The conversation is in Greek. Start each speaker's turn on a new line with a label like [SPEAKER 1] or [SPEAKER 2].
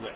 [SPEAKER 1] Ναι.